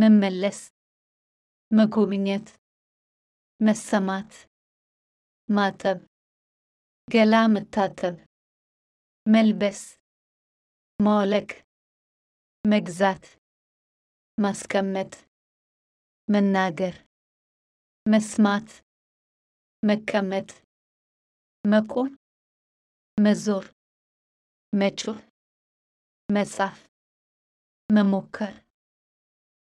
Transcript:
መመለስ፣ መጎብኘት፣ መሰማት፣ ማጠብ፣ ገላ መታጠብ፣ መልበስ፣ ማውለቅ፣ መግዛት፣ ማስቀመጥ፣ መናገር፣ መስማት፣ መቀመጥ፣ መቆም፣ መዞር፣ መጮህ፣ መጻፍ፣ መሞከር